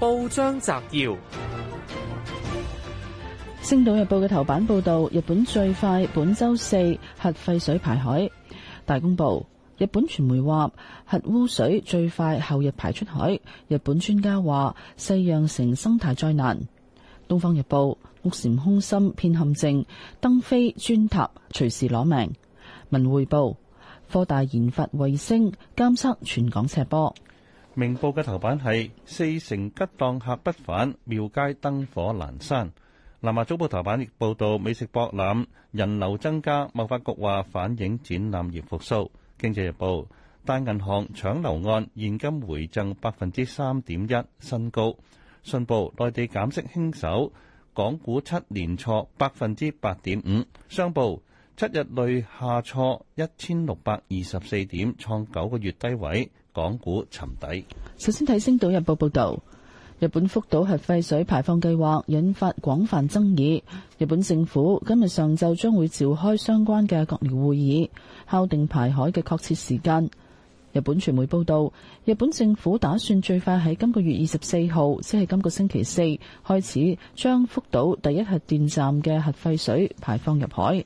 報章摘要：《星島日報》嘅頭版報道，日本最快本周四核廢水排海。《大公報》。日本傳媒話，核污水最快後日排出海。日本專家話，勢釀成生態災難。《東方日報》屋檐空心偏陷症，登飛磚塔隨時攞命。《文匯報》科大研發衛星監測全港赤波。明報嘅頭版係四成吉檔客不返，廟街燈火闌珊。南華早報頭版亦報道美食博覽人流增加，貿發局話反映展覽業復甦。經濟日報大銀行搶樓按現金回贈百分之三點一新高。信報內地減息輕手，港股七連挫百分之八點五。商報七日累下挫一千六百二十四點，創九個月低位。港股沉底。首先睇《星島日報》報道，日本福島核廢水排放計劃引發廣泛爭議。日本政府今日上晝將會召開相關嘅閣僚會議，敲定排海嘅確切時間。日本傳媒報道，日本政府打算最快喺今個月二十四號，即係今個星期四開始，將福島第一核電站嘅核廢水排放入海。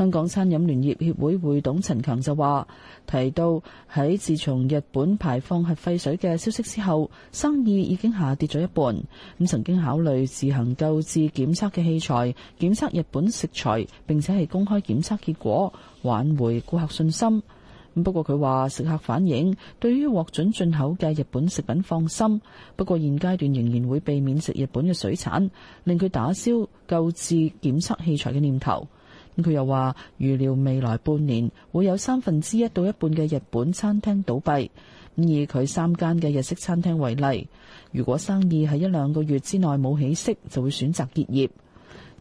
香港餐飲聯業協會會董陳強就話提到喺，自從日本排放核廢水嘅消息之後，生意已經下跌咗一半。咁曾經考慮自行購置檢測嘅器材，檢測日本食材並且係公開檢測結果，挽回顧客信心。不過，佢話食客反映對於獲准進口嘅日本食品放心，不過現階段仍然會避免食日本嘅水產，令佢打消購置檢測器材嘅念頭。咁佢又話預料未來半年會有三分之一到一半嘅日本餐廳倒閉。咁以佢三間嘅日式餐廳為例，如果生意喺一兩個月之內冇起色，就會選擇結業。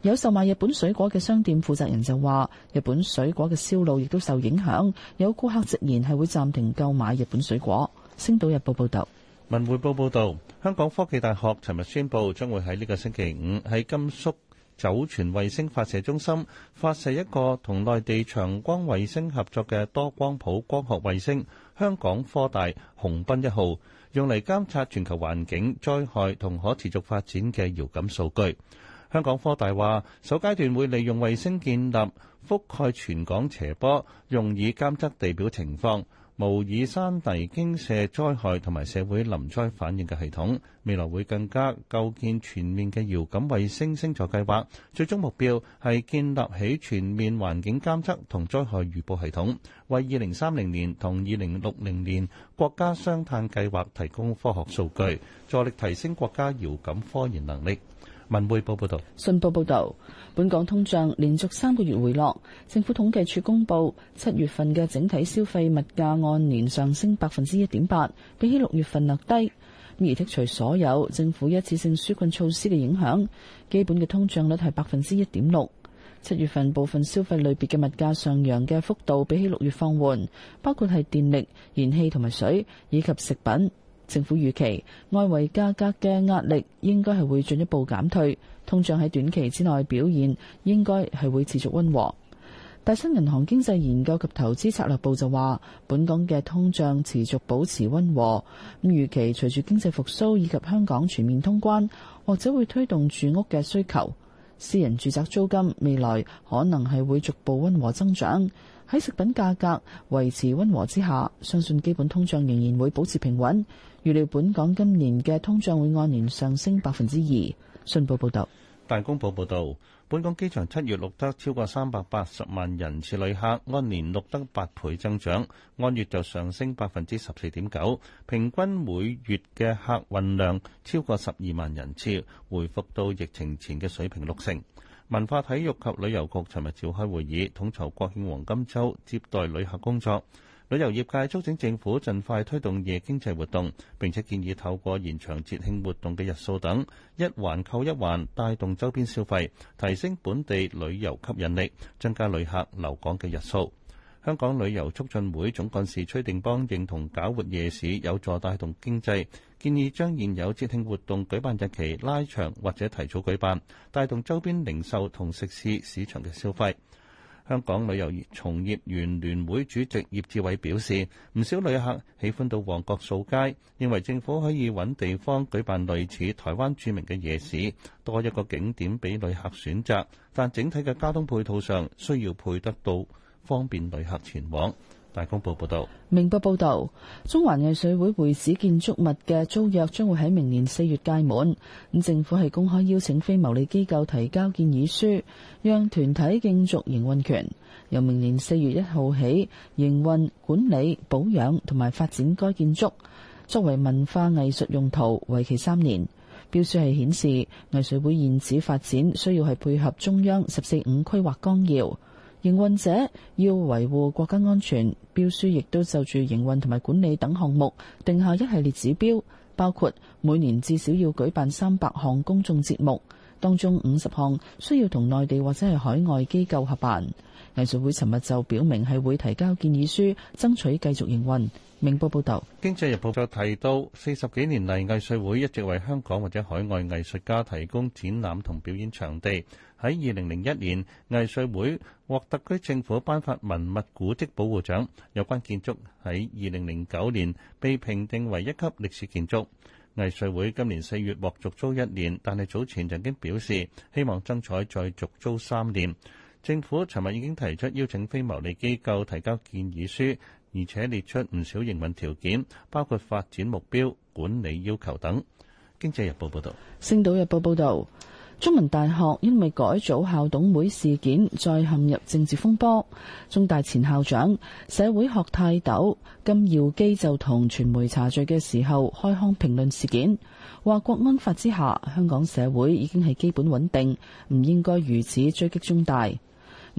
有售賣日本水果嘅商店負責人就話，日本水果嘅銷路亦都受影響，有顧客直言係會暫停購買日本水果。《星島日報》報道。《文匯報》報道，香港科技大學尋日宣布將會喺呢個星期五喺甘肅。酒泉衛星發射中心發射一個同內地長光衛星合作嘅多光譜光學衛星，香港科大雄彬一號，用嚟監測全球環境災害同可持續發展嘅遙感數據。香港科大話，首階段會利用衛星建立覆蓋全港斜坡，用以監測地表情況，模擬山泥傾瀉災害同埋社會臨災反應嘅系統，未來會更加構建全面嘅遙感衛星星座計劃，最終目標係建立起全面環境監測同災害預報系統，為二零三零年同二零六零年國家雙碳計劃提供科學數據，助力提升國家遙感科研能力。文匯報報導，信報報導，本港通脹連續三個月回落。政府統計處公布，七月份嘅整體消費物價按年上升百分之一點八，比起六月份略低。而剔除所有政府一次性紓困措施嘅影響，基本嘅通脹率係百分之一點六。七月份部分消費類別嘅物價上揚嘅幅度比起六月放緩，包括係電力、燃氣同埋水以及食品。政府預期外圍價格嘅壓力應該係會進一步減退，通脹喺短期之內表現應該係會持續溫和。大新銀行經濟研究及投資策略部就話，本港嘅通脹持續保持溫和，咁預期隨住經濟復甦以及香港全面通關，或者會推動住屋嘅需求，私人住宅租金未來可能係會逐步溫和增長。喺食品價格維持溫和之下，相信基本通脹仍然會保持平穩。預料本港今年嘅通脹會按年上升百分之二。信報報道。大公報報道，本港機場七月錄得超過三百八十萬人次旅客，按年錄得八倍增長，按月就上升百分之十四點九，平均每月嘅客運量超過十二萬人次，回復到疫情前嘅水平六成。文化體育及旅遊局尋日召開會議，統籌國慶黃金週接待旅客工作。旅遊業界促請政府盡快推動夜經濟活動，並且建議透過延長節慶活動嘅日數等，一環扣一環，帶動周邊消費，提升本地旅遊吸引力，增加旅客留港嘅日數。香港旅遊促進會總幹事崔定邦認同搞活夜市有助帶動經濟，建議將現有節慶活動舉辦日期拉長或者提早舉辦，帶動周邊零售同食肆市，市場嘅消費。香港旅遊業從業員聯會主席葉志偉表示，唔少旅客喜歡到旺角掃街，認為政府可以揾地方舉辦類似台灣著名嘅夜市，多一個景點俾旅客選擇。但整體嘅交通配套上需要配得到。方便旅客前往。大公報報道，明報報道，中環藝穗會會址建築物嘅租約將會喺明年四月屆滿。政府係公開邀請非牟利機構提交建議書，讓團體競逐營運權，由明年四月一號起營運、管理、保養同埋發展該建築，作為文化藝術用途，為期三年。標書係顯示，藝穗會現址發展需要係配合中央十四五規劃綱要。營運者要維護國家安全，標書亦都就住營運同埋管理等項目定下一系列指標，包括每年至少要舉辦三百項公眾節目，當中五十項需要同內地或者係海外機構合辦。藝穗會尋日就表明係會提交建議書，爭取繼續營運。明報報道，《經濟日報》就提到，四十幾年嚟，藝穗會一直為香港或者海外藝術家提供展覽同表演場地。喺二零零一年，藝穗會獲特區政府頒發文物古迹保護獎，有關建築喺二零零九年被評定為一級歷史建築。藝穗會今年四月獲續租一年，但係早前曾經表示希望爭取再續租三年。政府尋日已經提出邀請非牟利機構提交建議書，而且列出唔少營運條件，包括發展目標、管理要求等。經濟日報報道。星島日報報道。中文大學因為改組校董會事件再陷入政治風波，中大前校長社會學泰斗金耀基就同傳媒茶敘嘅時候開腔評論事件，話國安法之下香港社會已經係基本穩定，唔應該如此追擊中大。咁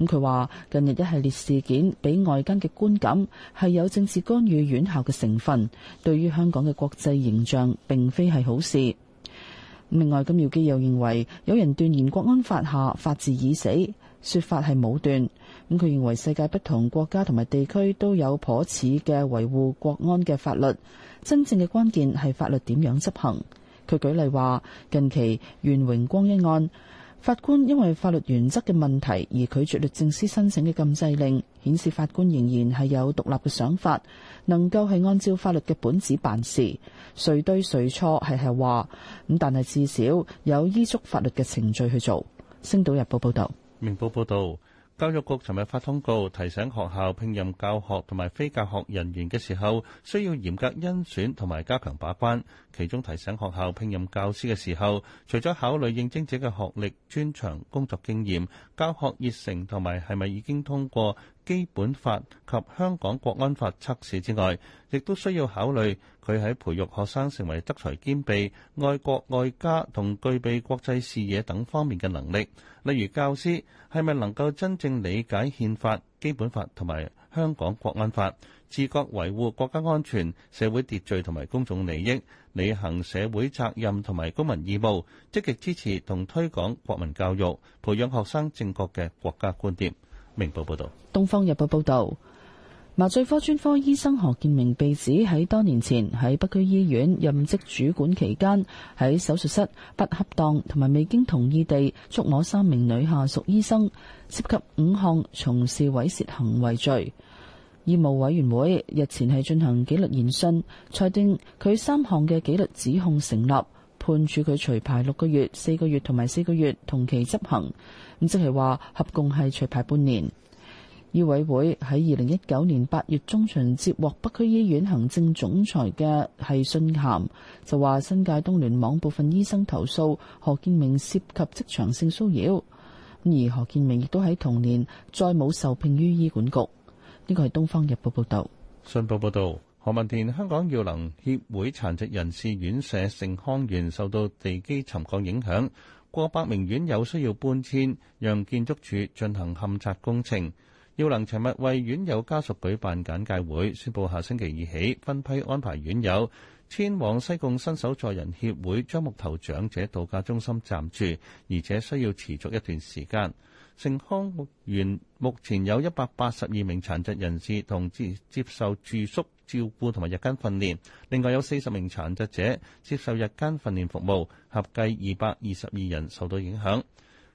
佢話近日一系列事件俾外間嘅觀感係有政治干預院校嘅成分，對於香港嘅國際形象並非係好事。另外，金耀基又認為有人斷言國安法下法治已死，說法係武斷。咁佢認為世界不同國家同埋地區都有頗似嘅維護國安嘅法律，真正嘅關鍵係法律點樣執行。佢舉例話，近期願榮光一案，法官因為法律原則嘅問題而拒絕律政司申請嘅禁制令，顯示法官仍然係有獨立嘅想法，能夠係按照法律嘅本子辦事。誰對誰錯係係話，咁但係至少有依足法律嘅程序去做。《星島日報》報道，《明報》報道。教育局尋日發通告，提醒學校聘任教學同埋非教學人員嘅時候，需要嚴格甄選同埋加強把關。其中提醒學校聘任教師嘅時候，除咗考慮應徵者嘅學歷、專長、工作經驗、教學熱誠同埋係咪已經通過基本法及香港國安法測試之外，亦都需要考慮佢喺培育學生成為德才兼備、愛國愛家同具備國際視野等方面嘅能力。例如教師係咪能夠真正理解憲法、基本法同埋香港國安法，自覺維護國家安全、社會秩序同埋公眾利益，履行社會責任同埋公民義務，積極支持同推廣國民教育，培養學生正確嘅國家觀點。明報報道。東方日報報導。麻醉科專科醫生何建明被指喺多年前喺北區醫院任職主管期間，喺手術室不恰當同埋未經同意地觸摸三名女下屬醫生，涉及五項從事猥褻行為罪。醫務委員會日前係進行紀律聆訊，裁定佢三項嘅紀律指控成立，判處佢除牌六個月、四個月同埋四個月同期執行，咁即係話合共係除牌半年。醫委會喺二零一九年八月中旬接獲北區醫院行政總裁嘅係信函，就話新界東聯網部分醫生投訴何建明涉及職場性騷擾。而何建明亦都喺同年再冇受聘於醫管局。呢個係《東方日報》報道。信報報道，何文田香港耀能協會殘疾人士院舍盛康園受到地基沉降影響，過百名院友需要搬遷，讓建築署進行勘察工程。耀能尋日為院友家屬舉辦簡介會，宣佈下星期二起分批安排院友遷往西貢新手助人協會樟木頭長者度假中心暫住，而且需要持續一段時間。盛康木園目前有一百八十二名殘疾人士同接接受住宿照顧同埋日間訓練，另外有四十名殘疾者接受日間訓練服務，合計二百二十二人受到影響。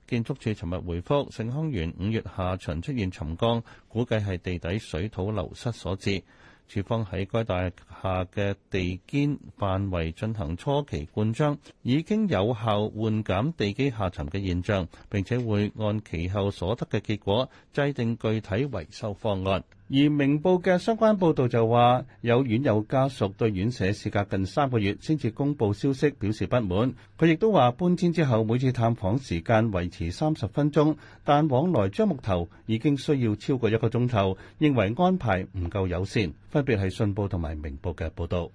建築署尋日回覆，盛康園五月下旬出現沉降，估計係地底水土流失所致。處方喺該大廈嘅地基範圍進行初期灌漿，已經有效緩減地基下沉嘅現象，並且會按其後所得嘅結果制定具體維修方案。而明報嘅相關報道就話，有院友家屬對院舍事隔近三個月先至公布消息表示不滿。佢亦都話搬遷之後每次探訪時間維持三十分鐘，但往來樟木頭已經需要超過一個鐘頭，認為安排唔夠友善。分別係信報同埋明報嘅報道。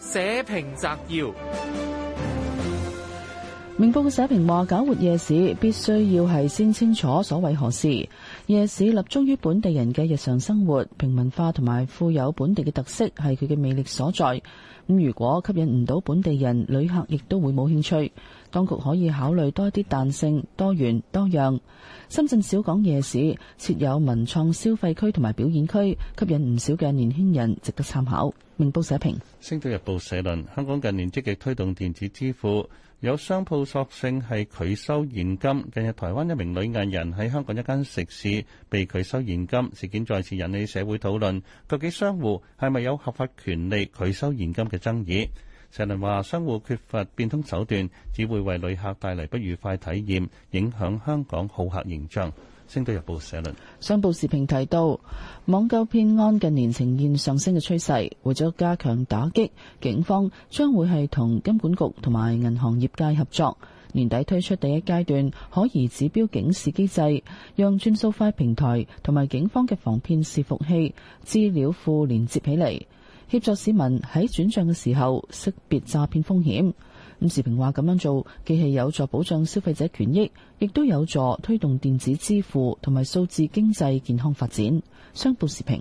社評摘要。明報嘅社評話：搞活夜市必須要係先清楚所為何事。夜市立足於本地人嘅日常生活，平民化同埋富有本地嘅特色，係佢嘅魅力所在。咁如果吸引唔到本地人，旅客亦都會冇興趣。當局可以考慮多啲彈性、多元、多樣。深圳小港夜市設有文創消費區同埋表演區，吸引唔少嘅年輕人，值得參考。明報社評。星島日報社論：香港近年積極推動電子支付。有商鋪索性係拒收現金。近日，台灣一名女藝人喺香港一間食肆被拒收現金，事件再次引起社會討論。究竟商戶係咪有合法權利拒收現金嘅爭議？石林話：商戶缺乏變通手段，只會為旅客帶嚟不愉快體驗，影響香港好客形象。《星島日報》社論：商報時評提到，網購騙案近年呈現上升嘅趨勢，為咗加強打擊，警方將會係同金管局同埋銀行業界合作，年底推出第一階段可疑指標警示機制，讓轉數快平台同埋警方嘅防騙伺服器資料庫連接起嚟，協助市民喺轉賬嘅時候識別詐騙風險。伍時平話：咁樣做既係有助保障消費者權益，亦都有助推動電子支付同埋數字經濟健康發展。商報時評，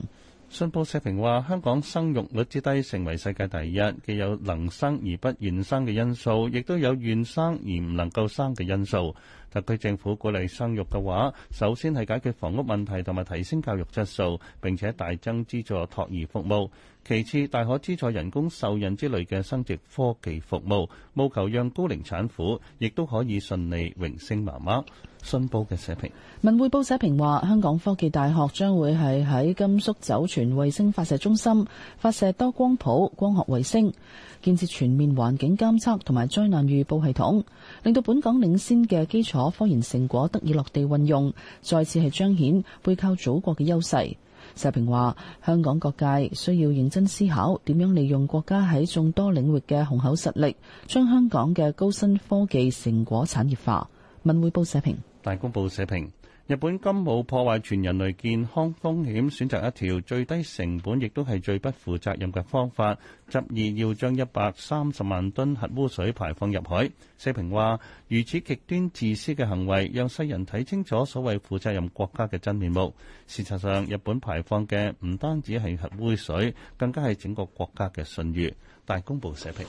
商報社評話：香港生育率之低成為世界第一，既有能生而不願生嘅因素，亦都有願生而唔能夠生嘅因素。特區政府鼓勵生育嘅話，首先係解決房屋問題同埋提升教育質素，並且大增資助托兒服務。其次，大可資助人工受孕之類嘅生殖科技服務，務求讓高齡產婦亦都可以順利榮升媽媽。新報嘅社評，文匯報社評話，香港科技大學將會係喺甘肅酒泉衛星發射中心發射多光譜光學衛星，建設全面環境監測同埋災難預報系統，令到本港領先嘅基礎科研成果得以落地運用，再次係彰顯背靠祖國嘅優勢。社評話：香港各界需要認真思考點樣利用國家喺眾多領域嘅雄厚實力，將香港嘅高新科技成果產業化。文匯報社評。大公報社評，日本金冇破壞全人類健康風險，選擇一條最低成本，亦都係最不負責任嘅方法，執意要將一百三十萬噸核污水排放入海。社評話，如此極端自私嘅行為讓世人睇清楚所謂負責任國家嘅真面目。事實上，日本排放嘅唔單止係核污水，更加係整個國家嘅信譽，大公報社評。